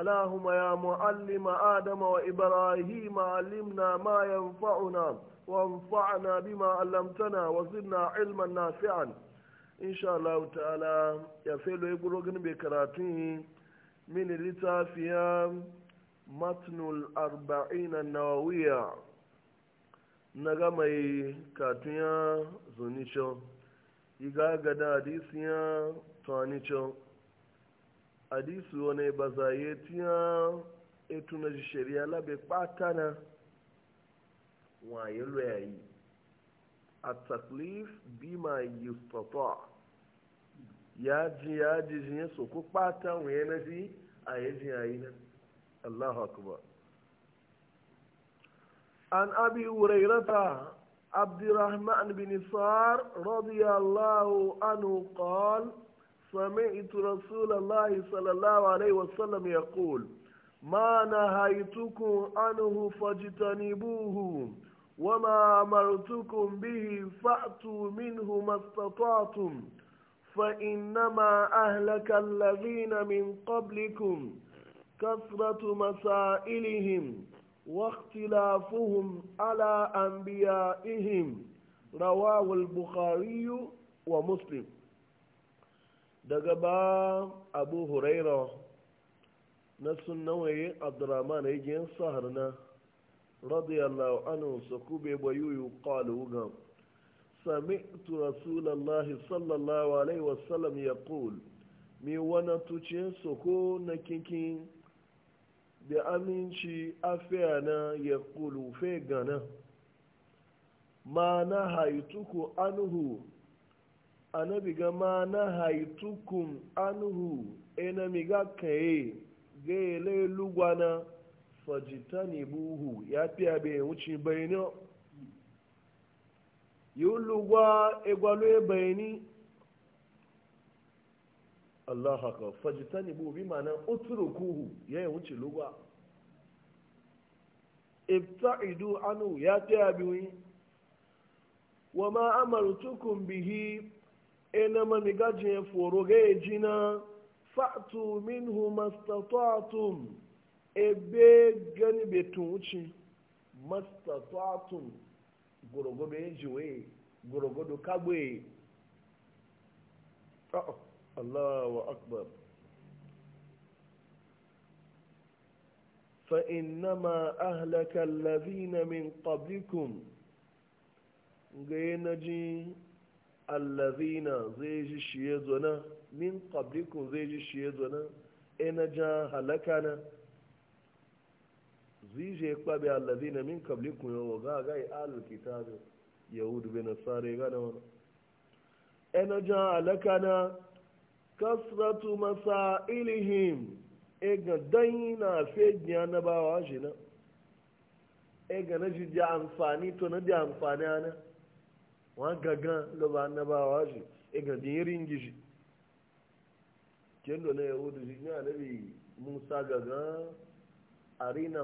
اللهم يا معلم آدم وإبراهيم علمنا ما ينفعنا وانفعنا بما علمتنا وزدنا علما نافعا إن شاء الله تعالى يفعل يقولون بكراتين من لتافيا متن الأربعين النووية نغمي كاتيا زونيشو يغاغدا ديسيا تانيشو hadisu wani ba za yi tiya etu na shari'a labe kpata na waye rayayi a taklif bima yustata ya ji ya ji jiye so soko kpata waye na ji a yi ji yi na allahu akbar an abi hurairata عبد Bin بن صار رضي الله سمعت رسول الله صلى الله عليه وسلم يقول ما نهيتكم عنه فاجتنبوه وما أمرتكم به فأتوا منه ما استطعتم فإنما أهلك الذين من قبلكم كثرة مسائلهم واختلافهم على أنبيائهم رواه البخاري ومسلم daga ba abu huraira na suna sunnawaye abdurrahman ya gyan saharna radiyallahu anhu su kube bayuyu qalu gam سمعت رسول الله صلى الله عليه ya يقول mi wani tucin soko na kinkin da aminci afiya na ya kulufe gana ma na haituku anuhu. Anabiga ma na haitukum anhu enamiga kee kaye ga ele lugwana fajitani buhu ya fiya bai wuce bayani yi lugwa egwalo bayani Allah haka fajitani buhu bi mana uturukuhu ya yi wuce lugwa ibta'idu anhu ya fiya biyu wa ma amartukum bihi ena na gajin e foro ga e jina fa'tu minhu mastata'tum ebe gani betun uchi mastata'tum gorogodo ejiwe gorogodo kagbe ah, Allahu akbar fa'in فإنما أهلك الذين من قبلكم ji. allazina zai ji shiye zuwa min qablikum zai ji shiye zuwa ina ja halaka na zije kwabe allazina min qablikum yo ga ga al kitab yahud bin nasara ga da wannan ina e ja halaka na kasratu masailihim e ga daina fejiya na bawa shi na e ga na ji amfani to na ji amfani ana wọn gangan ló bá annabawa shi igan e din yirin gishi kendo na yahudu shi ne annabi musa gangan arina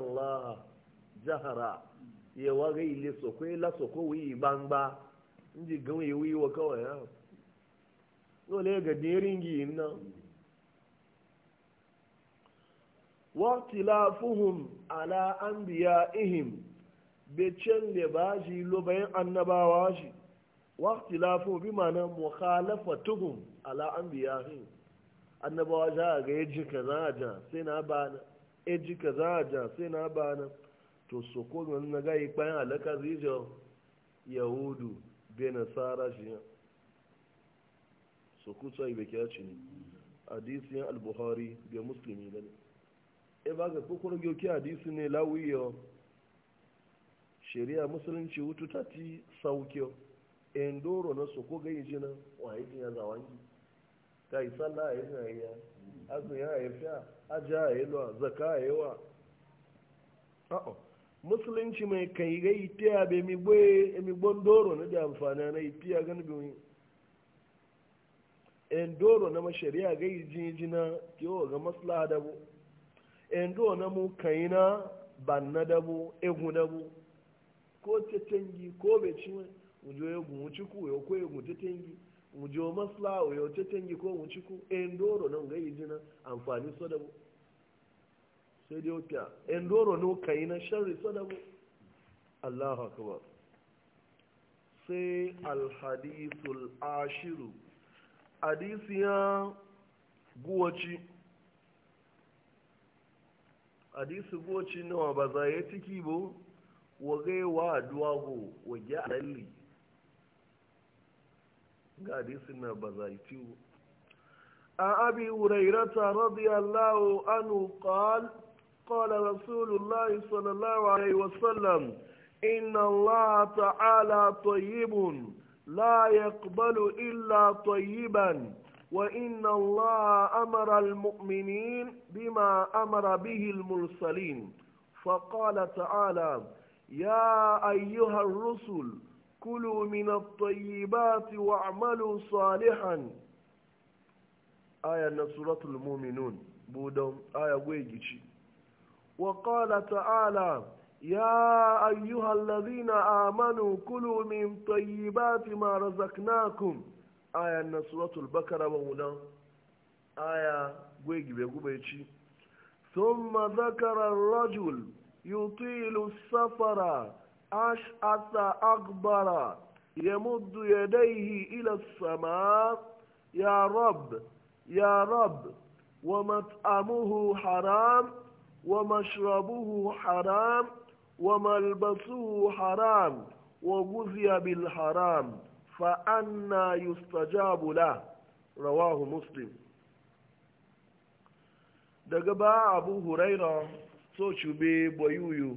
jahara ya waga ile soko e la soko wi bangba inji gan yi wa kawai ya dole ga din yirin gi nan واختلافهم على أنبيائهم بيتشن لباجي لبين النباواجي waqtilafu bi ma'ana mukhalafatuhum ala anbiya'ihim annabawa za ga yaji kaza ja sai na bana yaji kaza ja sai na bana to so ko na ga yi bayan alaka zijo yahudu be nasara shi so ku sai be kiyaci ne hadisin al-bukhari be muslimi ne e ba ga kokoro gyo ki hadisi ne lawiyo shari'a musulunci wutu ta ti saukiyo endoro na soko ga yi jinan ya jiya zawangi ka yi sallah a yi zayayya azumi ya yi fiya aja a yi lwa zaka a yi wa musulunci mai kai ga yi tiya be mi e mi gbon doro na da amfani na yi tiya gani gumi endoro na mashari'a ga yi jinjina kiwo ga maslaha dabo endoro na mu kai na ban na dabu egun dabo ko tetengi ko be ciwon ujo yegun uchiku yo ko yegun tetengi ujo masla yo tetengi ko uchiku endoro na ga yijina amfani sodabu sai dai otiya endoro no kai na sharri sodabu Allahu akbar sai alhadithul ashiru ya guwaci hadisi guwaci nawa ba za ya ciki bo wa gaiwa duwago wa gya alalli ga hadisin عن أبي هريرة رضي الله عنه قال قال رسول الله صلى الله عليه وسلم إن الله تعالى طيب لا يقبل إلا طيبا وإن الله أمر المؤمنين بما أمر به المرسلين فقال تعالى يا أيها الرسل كلوا من الطيبات واعملوا صالحا آية نصرة المؤمنون بودم آية ويجيشي وقال تعالى يا أيها الذين آمنوا كلوا من طيبات ما رزقناكم آية نصرة البقرة وهنا آية ويجي بيجي ثم ذكر الرجل يطيل السفر أشعث أكبر يمد يديه إلى السماء يا رب يا رب ومطعمه حرام ومشربه حرام وملبسه حرام وغذي بالحرام فأنا يستجاب له رواه مسلم daga أبو هريرة سوچو بي بويويو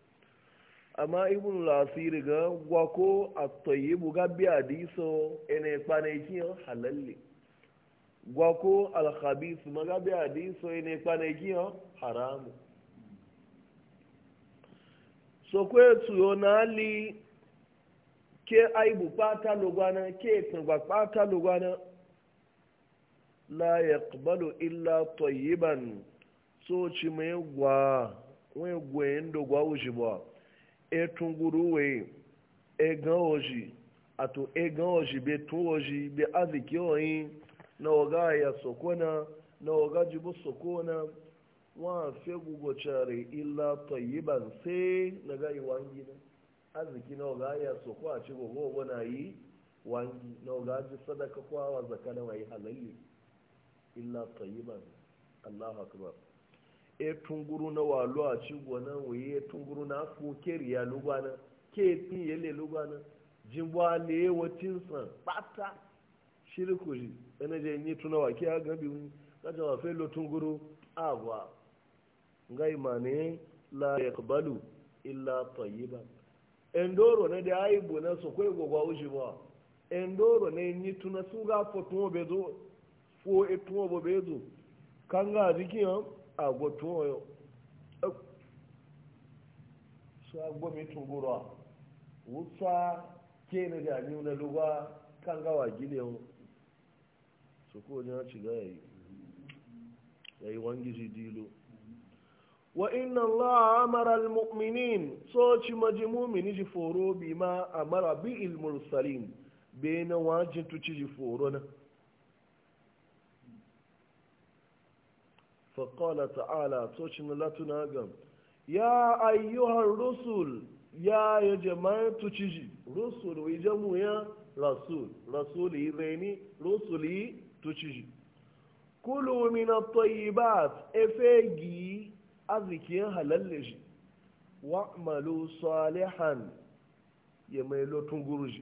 amma ibn lasiri ga gwako a tayyibu ga biya diso ene halali. halalli gwako alhabisu ma ga biya diso ene kwanaki haramu so kwetu yo nali ke aibu pata lugwana ke kungwa pata lugwana la yaqbalu illa tayyiban so chi me gwa we gwe ndo gwa ujibwa etunguru wee egan hoje ato egan hoje be tun hoje be aziki oyi na oga ya sokona na oga jibo sokona wọn fẹ gbogbo ila illa tayyiban sai na ga yi wangi na aziki na oga ya soko a ci gogo wana yi wangi na oga sadaka kwawa zakana wa yi halalli illa tayyiban allahu akbar e tunguru na walu a ci gona wuyi e tunguru na ku keri ya lugwana ke ti yele ji jimwa le watin san pata shirku ji ene je ni tuna wa ke aga bi wuni kaja wa felo tunguru agwa ngai mane la yaqbalu illa tayyiban endoro ne da aibu na sokwe gogwa uji ba endoro ne nyi tuna su ga fotun obezo fo etun obezo e kanga dikiyan agotoyo su agomi tungurwa wutsa ke na jami na luba kan gawa gilewo su ko a shiga ya yi ya yi wangiji dilo wa inna Allah amara al-mu'minin so ci maji mu'mini ji foro bi ma amara bi il mursalin be na wajin tuci ji foro na فقال تعالى توشن لا تناغم يا أيها الرسل يا يا جماعة تشجي رسل ويجمو يا رسول رسول إذيني رسل تشجي كلوا من الطيبات إفاقي أذكي هللجي واعملوا صالحا يميلو mai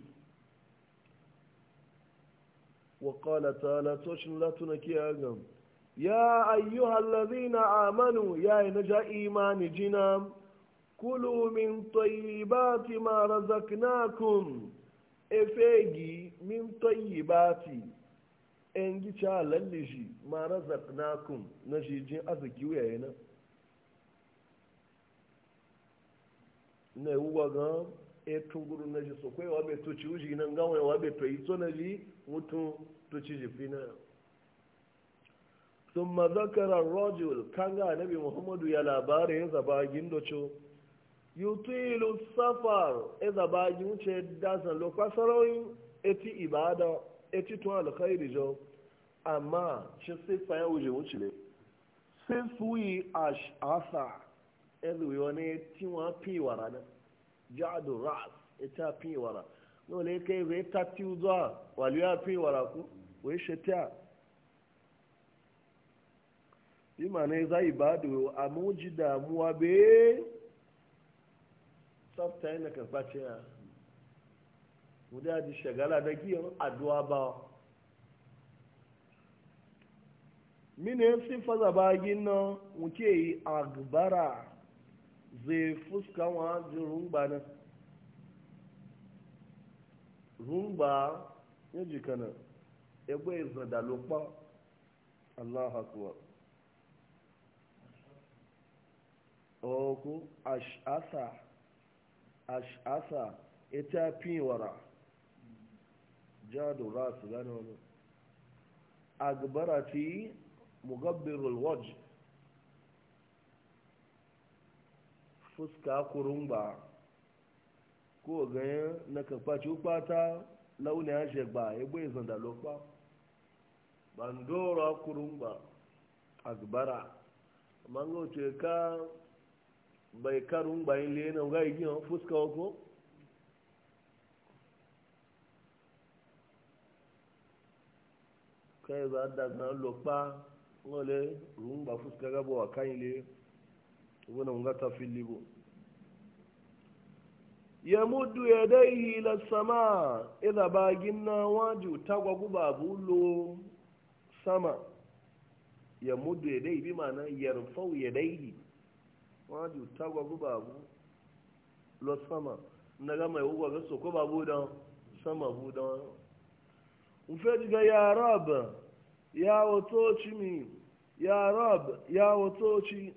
وقال تعالى wa ƙala تناغم يا أيها الذين آمنوا يا نجا إيمان جنا كلوا من طيبات ما رزقناكم إفيجي من طيبات إنجي للجي ما رزقناكم نجي أزكي أزكيو ne هنا ga e tunguru na ji so wa wabe tuci uji nan wa wabe to ito na ji mutum tuci jifina sun mazakarar rajul kan nabi muhammadu ya labari ya zabagin doco yutilu safar ya e zabagin wuce dasan lokwasarauyin eti ibada eti tun alkhairi jo amma shi sifa ya wuce wuce ne sifu yi ash'asa na e zuwi wani tiwa piwara na jadu ras ita e piwara nole kai zai ta tiwa waliya piwara ku wai shi ta shi ma ne za yi ba da a muji damuwa be tsafta yana karfa ce ya muda ji shagala da giyan addu'a ba mine sifa zabagin nan muke yi agbara zai fuska wa jin rumba nan rumba ya jikana ebe izadalokpa allah akuwa oku ash'asa ash'asa ita piwara jadu rasu gane wani agbarati mugabbirul waj fuska kurumba ko ganyen na kafaci fata launin ashe gba ya bai zanda lokpa bandora kurumba agbara mango ce ka bai karun bayan lena ga yi gina fuska ko kai za da na lokpa ngole run ba fuska ga wa kan le wona nga ta filibo yamuddu yadayhi ila sama idha e na waju tagwa gubabu lo sama ya mudu yamuddu yadayhi bi ma'ana yarfau yadayhi wọ́n ju tágbà kó bàbú lọ sánmà nàgà mà ìwúwà kó sọ kó bàbú dán sánmà bú dán. nfẹ́ ti ya rab ya watoci mi ya ya watoci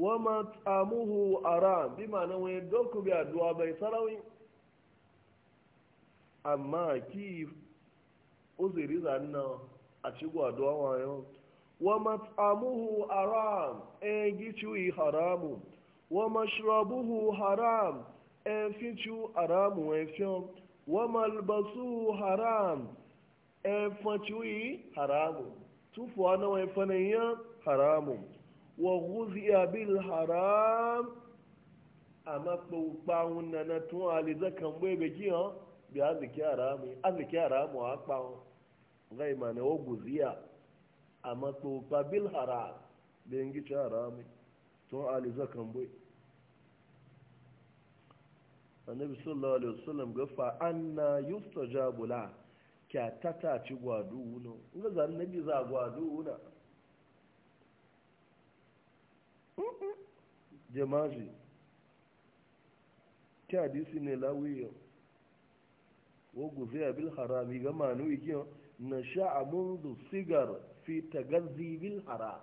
wọ́n ma tààmúhu aram bí màá náà wọ́n dọ́kù bí àdúrà bẹ́ẹ̀ sáráwí. amma kí ó sì rí zàn náà àti gbọ́ àdúrà wọn yóò. wa mat'amuhu haram en gichu haramu wa mashrabuhu haram en fichu haramu en fion wa malbasuhu haram en fachu haramu tufu ana wa fanaya haramu wa ghuziya bil haram amma ko bawun na tun alizakan bai beki ha bi aziki haramu aziki haramu wa guziya a tsofa bil haram da yin gici harami tun ali zakan bai annabi sallallahu alaihi wasallam ga fa anna yustajabu la kya tata ci gwadu wuno ga zan nabi za gwadu wuna jama'i kya hadisi ne lawiyo wa gufiya bil harami ga manu ikiyo na sha'a mundu sigar fi tagazzi bil hara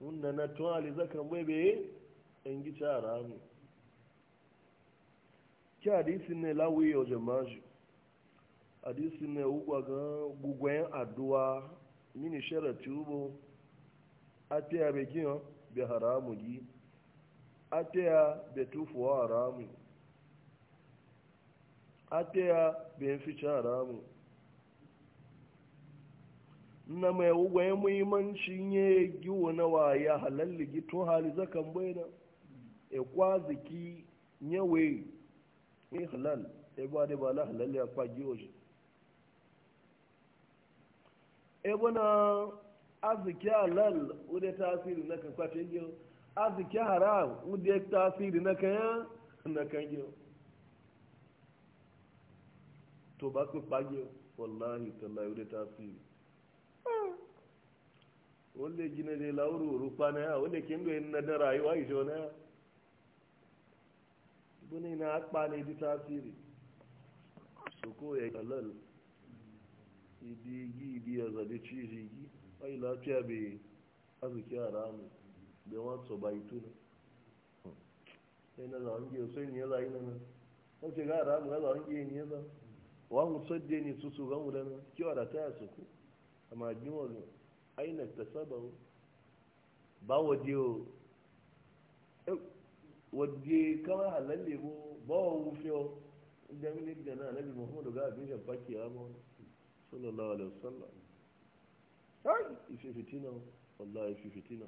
wanda na tuwali zaka mai bai in gi ta haramu ki hadisin ne lawi yau jama'a hadisin ne ugwa ga gugwayen addu'a mini sharati ubo atiya bai kiyo bai haramu gi atiya bai tufuwa haramu atiya bai fi haramu na mai wugwaye muhimmancin ya giwo na waya halalli gito hali zakan baina e kwaziki nyewe e halal e ba da ba la halalli kwa giwo shi e bana aziki halal ude tasiri na kan kwace giwo aziki haram ude tasiri na kan na kan giwo to ba ku kwagiyo wallahi tallahi ude tasiri wale gina dai lauru rufa na ya wale kin doyin na da rayuwa ijo na ya bune na akpa ne di tasiri su koya kalal idi gi idi ya zabe ciji gi ai lafiya bai arziki a ramu da wasu bai na sai na zawon giyo sai ni ya zayi na nan wace ga ramu ga zawon giyo ni ya zawon wa mu sadde ne su su gamu da kiwa da taya su ko amma gimo ne aina ta saba ba waje waje kawai halalle ko ba wa wufe wa inda mini da na nabi muhammadu ga abin shan baki ya ma wani sallallahu alaihi wasallam ai ife fitina wallahi ife fitina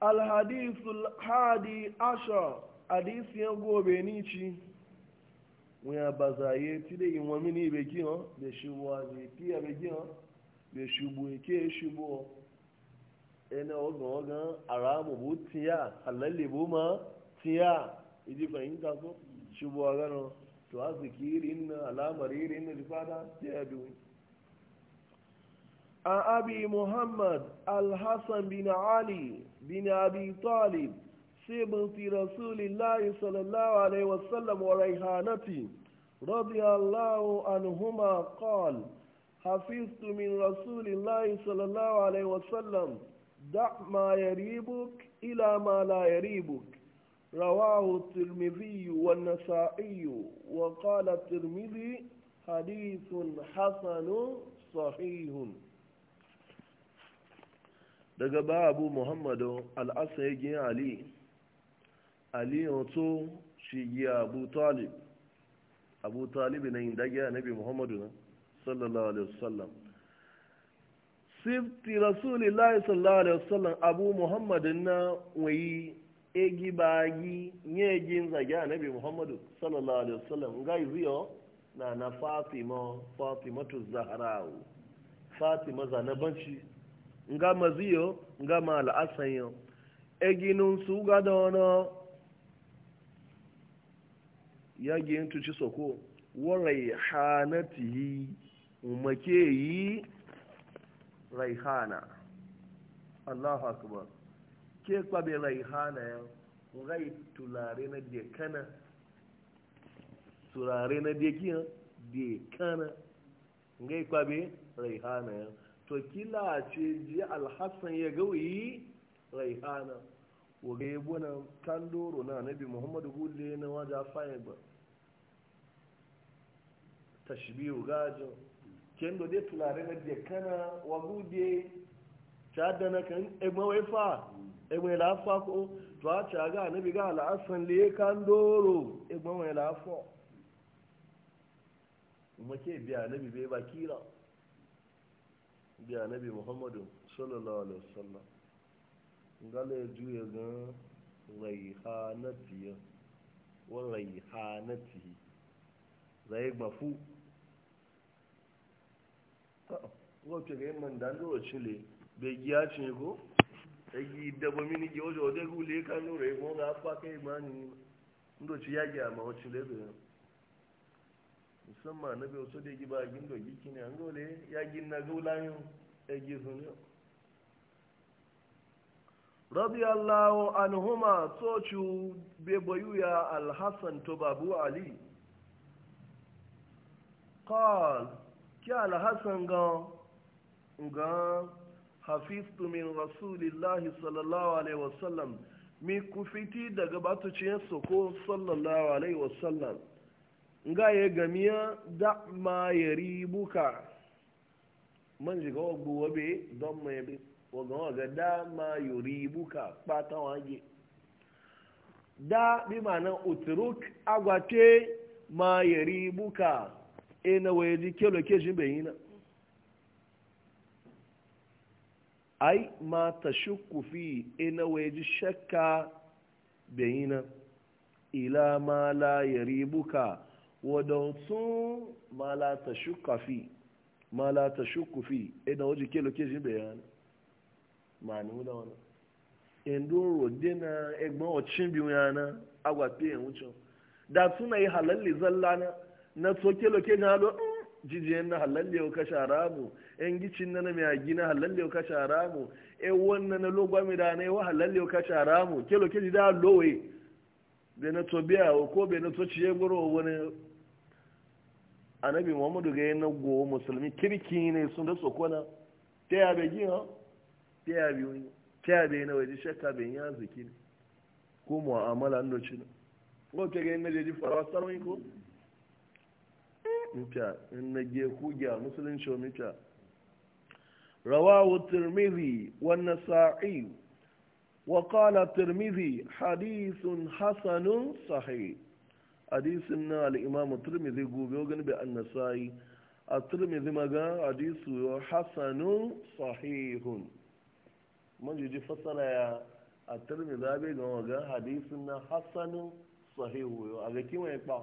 alhadisu hadi asha hadisi ya gobe ni ci wuya ba zaye ti da yin wa mini bai gina da shi wa ne fiya bai gina. bai shubu yake shubu ina ogan ogan aramu bu tiya halalle bu ma tiya idi fahimta ko shubu a gano to a zikirin na alamar irin na jifada tiya biyu a abi muhammad alhassan bin ali bin abi talib سيبنت رسول الله صلى الله عليه وسلم وريحانته رضي الله عنهما حفظت من رسول الله صلى الله عليه وسلم دع ما يريبك إلى ما لا يريبك رواه الترمذي والنسائي وقال الترمذي حديث حسن صحيح daga ba محمد muhammadu al'asayegin ali aliyu to shi yi abu talib abu talib na yin dagi nabi muhammadu na sallallahu alaihi wasallam sifti rasulillahi sallallahu alaihi wasallam abu muhammadin na wayi egi bagi nye egi nzage anabi muhammadu sallallahu alaihi wasallam ga iziyo na na fatima fatimatu zahrau fatima zanabanci nga maziyo nga ma al'asanyo egi nun su ga da wani yagi yin soko warai hanatihi umake yi raihana allahu akbar ke kwabe raihana ya rai tulare na dekana turare na dekiya dekana ngai kwabe raihana ya to kila ce ji alhassan ya gauyi raihana waga ya buna kan doro na nabi muhammadu gulle na wajen fayin ba tashbihu gajin kendo dai tulare na je kana wa gudie ta da na kan e ma wai e fa e mai lafa ko to a ta ga annabi ga al'asan le kan doro e mwe wai lafa kuma ke biya annabi bai ba kira biya annabi muhammadu sallallahu alaihi wasallam ngale juye ga raihanatiya wa raihanatihi zai mafu wọ́pẹ̀ gẹ́ mọ̀ ìdájọ́ òṣìlẹ̀ bẹ̀gì àṣìkò ẹ̀gì ìdẹ̀bọ mi ní jẹ́ ọjọ́ ọdẹ́gùn rẹ̀ wọ́n gá pákẹ́ ìmọ̀ ní ndòtí yájẹ́ àmọ́ musamman na bai so da gi ba gin do gi kini na gola yin e gi radiyallahu ya to babu ki alhassan ga gan hafiftu min rasulillahi sallallahu alaihi wasallam mi kufiti daga batuciyar soko sallallahu alaihi wasallam nga ya gamiya da ma ya ribuka man shiga wagbu wabe don mai bi wagan waga da ma ya ribuka kpata wage da bi ma nan uturuk agwate ma ya ribuka e na waye ji kelo ke shi bai ai ma ta shukku fi e na waye ji shakka ila ma la ya ribuka wadansu ma la ta shukka ma la ta shukku fi e waje kelo ke shi bai ma ni wuda wani indoro dina egbon ocin biyu yana agwape yin wucin da suna yi halalli zalla na na soke loke na halo mm, jijiyen na halalle yau kashe haramu yan gicin na na mai gina halalle yau kashe haramu e wannan na lo mai da na yawa halalle yau kashe haramu ke loke ji da lowe da na to biya ko be na to ciye goro wani anabi muhammadu ga yi na gowa musulmi kirki ne sun da sokona ta ya bai gina ta ya bai wani ta ya bai na waje shakka bai ya ziki ne ko mu'amala an doci cina ko ta ga yi na jeji farawa sarwai ko mita in na ge kugiya musulunci wa mita rawahu turmizi wa nasa'i wa turmizi tirmidhi hasanun sahi hadisun na al'imamu turmizi gobe ga bi an-nasa'i a turmizi maga hadisu hasanun sahihun majiji fasara ya at-tirmidhi ga ga hadisun na hasanun sahihu a ga kiwaye ba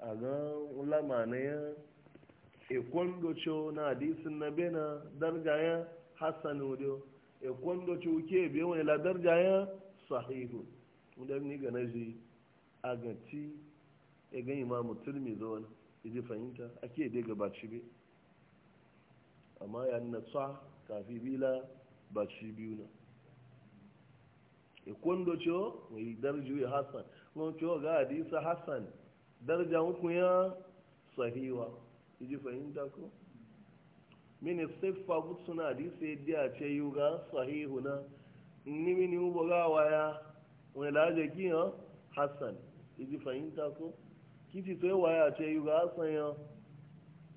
a ga ulama na ya ekwan na hadisin na bena darja ya hassan odio ekwan docho ke wani la darja ya sahihu wanda ni ga na ji a ga ci e ga imamu turmi zo wani idi e fahimta ake dai gabaci bi amma ya na tsa kafi bila baci biyu na ekwan docho mai darju ya hassan wani ciwo ga hadisa hassan daraja hukun ya sahiwa iji fahimta ko mini na suna hadisi yadda a ce yi ga sahihu na ni mini ubogawa ya wani laje ha hassan iji fahimta ko kiti to waya a ce yi ga hassan ya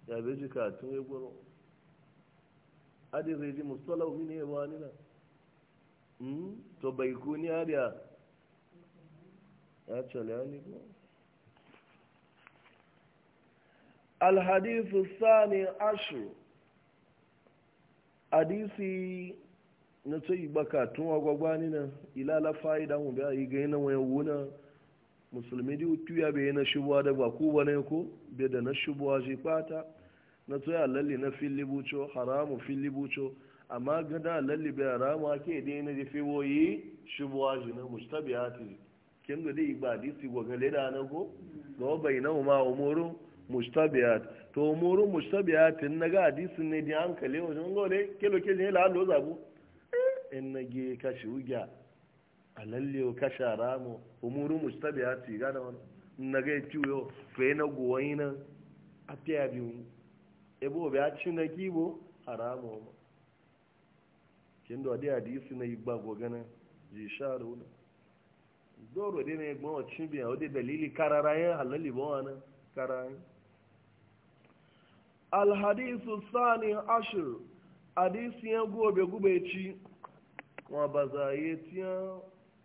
ya ji katun hmm? ya goro hadisi ji mustalau mini ya bani na to bai kuni hadiya ya cale ya ni ko الحديث sani عشر hadisi na tsayi baka tun agwagwani nan ilala fa'ida mu bai yi gaina wayan wuna musulmi di tuya na shubuwa da ba ku bane ko bai da na shubuwa shi fata na tsayi lalli na fili buco haramu fili buco amma gada lalli bai haramu ake dai na jefe woyi shubuwa shi na mustabi hati kin ba hadisi gwagale da na ko ga bai na mushtabiyat to umuru mushtabiyat na ga hadisin ne di hankali wajen gole kelo ke ne la lo zabu in na ge kashi uga alalle ka shara mu umuru mushtabiyat ga da wani na ga ciwo fe na goyina atiya biyu ebo be a na kibo haramu kin do da hadisi na igba gogana ji sharu doro dai ne gbon cin biya o dalili kararayen halalli ba wannan kararayen alhadisu sani ashir ya gobe gubeci wa ba zaye tiya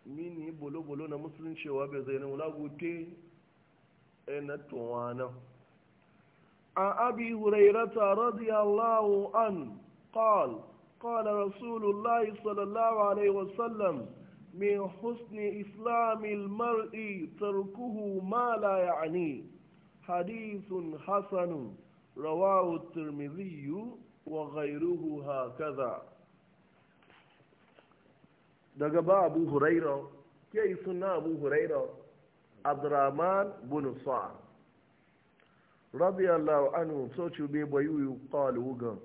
mini bolo-bolo na musulunci wa bai zai nula gute na tuwana an abi hurairata radiyallahu an qal قال رسول الله صلى الله عليه وسلم من حسن إسلام المرء تركه ما لا يعنيه حديث حسن رواه الترمذي وغيره هكذا daga ba abu huraira ke yi suna abu huraira abdurrahman bin sa'ad radiyallahu anhu so ci be bayuyu qala wugan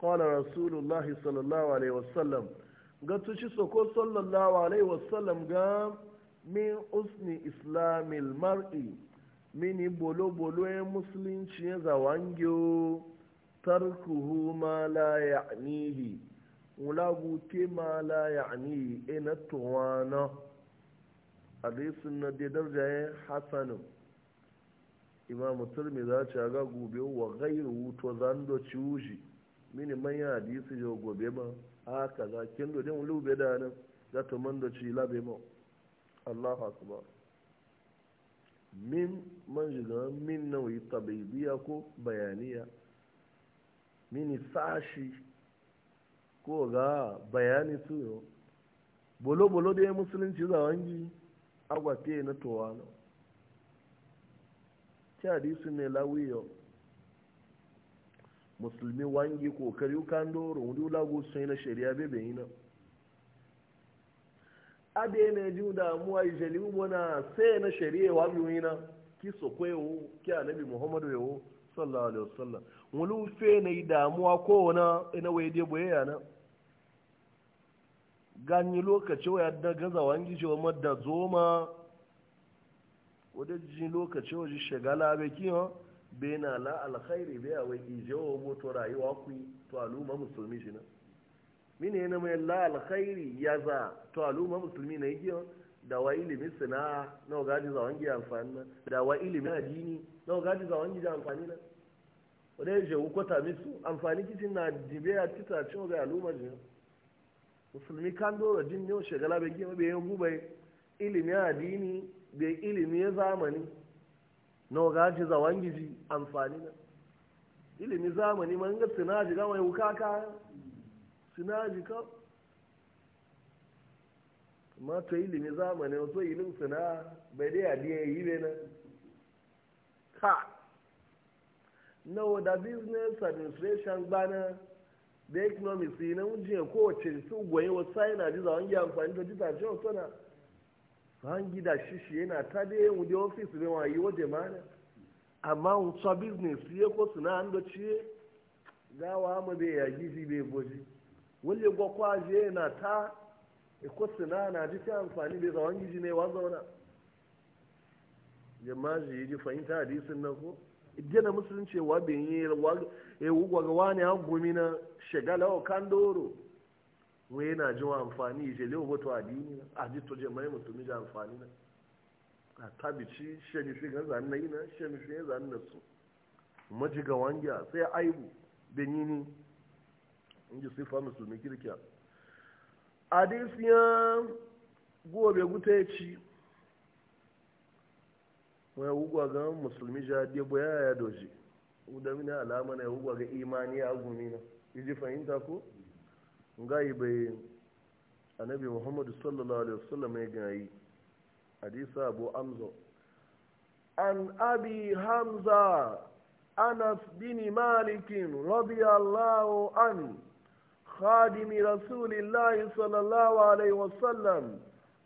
qala rasulullahi sallallahu alaihi wasallam ga tuci soko sallallahu alaihi wasallam ga min usni islamil mar'i mini bolo-bolo ya musulunci ya zawangiyo tarkuhu ma la ya'nihi wulagu te ma la nihi ina tuwana hadisin na da ya hasanu imamu turmi za ci ga gobe wa gairu wuto zando ci wuji mini manyan hadisi ya gobe ma haka za kin dodin lube da nan za ta man da ci labe ma Allahu akbar min manjiga min nauyi tabaibiya ko bayaniya mini sashi ko ga bayani tuyo bolo-bolo da ya musulunci za wangi agwafe na towano ta hadisu ne lawiyo musulmi koko kokari kan doro wani lagu sun yi na shari'a bebe yi na abe ne ji damuwa ijeli ubona sai na shari'a wa wina ki so kwayo ki annabi muhammadu yawo sallallahu alaihi wasallam wulu fe ne damuwa ko na ina waye de boye yana ganyi lokaci wa yadda gaza wangi ce wa madda zoma wadda ji lokaci wa ji shagala bai kiyo bai na la alkhairi bai a wai ijewa moto rayuwa ku to al'umma musulmi shi na mini yana mai la alkhairi ya za to aluma musulmi na yi da wa ilimi sana'a na gadi za wangi amfani na da wa ilimi na dini na gadi za wangi da amfani na wadda je je kwata misu amfani kitin na dibe a tita cin ga aluma je musulmi kan do dora jin yau shagala be gima bai ilimi na dini be ilimi ya zamani na gadi za wangi ji amfani na ilimi zamani man ga sana'a ji gama ya wukaka sinaji ka amma to ilimi zamani wato ilim sina bai dai adiya yi ha na ka nawa da business administration gbana da economics yi na wujiya kowace su gwaye wa china ji zawon amfani da jita wasu na an gida shishi yana ta da yin wuje ofis ne wa yi waje amma un business ko suna an gawa bai yagi bai wale gwakwaje na ta ikosi na na ji ta amfani da zawon giji ne wa zauna ji ji fahimta hadisin na ko igena musulunci wa bin yi ewu gwaga wani an gumi na shagala wa kandoro wai na ji wa amfani je lewa wato adini na a ji to ji amfani na a tabici shemishi ga zanen na yi na ya na su majiga wangiya sai aibu inji sifa musulmi kirkiya adisiyan gobe ci. wai hugwa ga musulmi ja debo ya ya doji udamini alama na hugwa ga imani ya gumina iji fahimta ko ngai bai annabi muhammadu sallallahu alaihi wasallam ya gayi hadisa abu amzo an abi hamza anas bin malikin radiyallahu anhu خادم رسول الله صلى الله عليه وسلم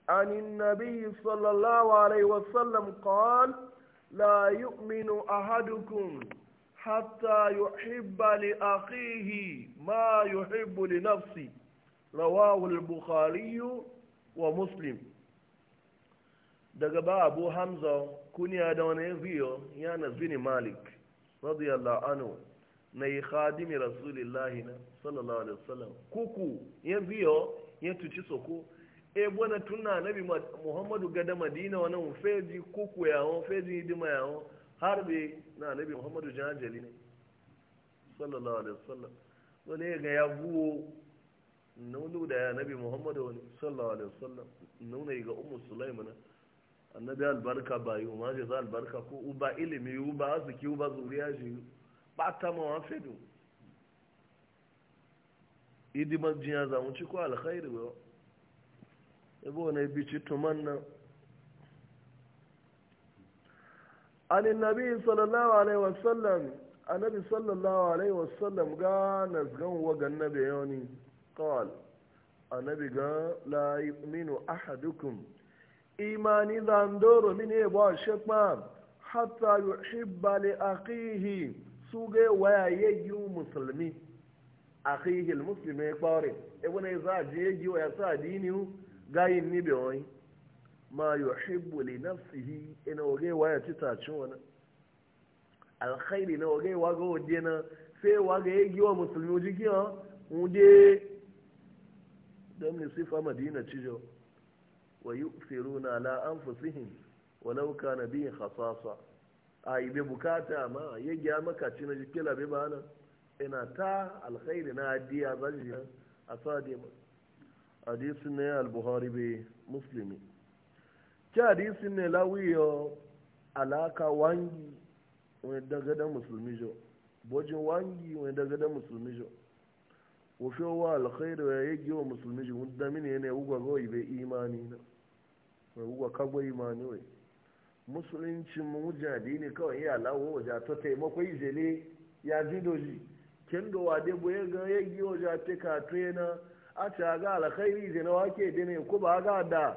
عن النبي صلى الله عليه وسلم قال لا يؤمن أحدكم حتى يحب لأخيه ما يحب لنفسه رواه البخاري ومسلم دقباء أبو حمزة hamza kuniya da wani biyo مالك رضي الله عنه na yi khadimi rasulillahi na sallallahu alaihi wasallam kuku ya biyo ya tuci soko e bona tunna nabi muhammadu gada madina wa nan feji kuku ya ho feji hidima ya ho har be na nabi muhammadu janjali ne sallallahu alaihi wasallam wani ga ya buwo nunu da ya nabi muhammadu wani sallallahu alaihi wasallam nuna ga ummu sulaiman annabi albarka bayu ma je za albarka ko uba ilimi uba azuki uba zuriya shi ɓata ma wa fedu hidimar jiya za mu ci ko alkhairi ba ebe wani bici tuman nan عن النبي صلى الله عليه وسلم النبي صلى الله عليه وسلم قال نزغن وقال النبي يوني قال النبي قال لا يؤمن أحدكم إيماني ذاندور من إيه إبوا شكما حتى يحب لأخيه su ga waya yayyu musulmi akhihi almuslimi ya kware e ibn isa je wa ya sa dini gayin ni be wani ma yuhibbu li nafsihi ina e wage waya tita cin wani alkhairi na wage waga waje na sai waga yayyu wa musulmi jiki ha wuje dan ne sifa madina cijo wa yu'thiruna ala anfusihim walau kana bihi khasasa a ibe bukata ma ya gya maka ci na jikila ba nan ina ta alkhairi na adiya zalji a sadi ma hadisin ne al-buhari bai muslimi ki hadisin ne lawiyo alaka wangi wani daga musulmi jo bojin wangi wani daga musulmi jo wofe wa alkhairi ya yi wa musulmi jo wani damini ne ugwa gawai bai imani na wai ugwa imani wai musulunci mujadi ne kawai ya lawo waje ta taimako izele ya ji doji kin do wade ya ga yagi waje te ka trena a a ga alkhairi je na wake de ne ko ba ga da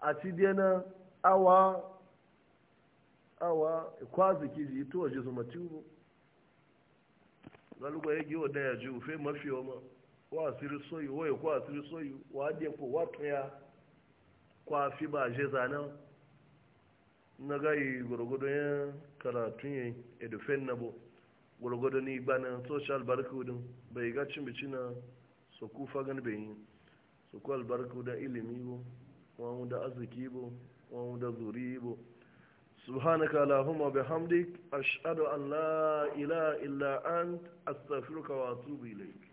a ci de na awa awa o ji to waje zuma tiwo galugo yagi wada ya ji ufe mafi ma wa asiri soyu wa ko asiri soyu wa de ko watoya kwa fi ba je na gayi gwargwado yin karatun yin edufen na bu gwargwado ni gbana social barcodin bai ga cin bici na su fagan bai yi su ku ilimi bu wani da arziki bu wani da zuri bo subhanaka allahumma bihamdik ashhadu an la ilaha illa ant astaghfiruka wa atubu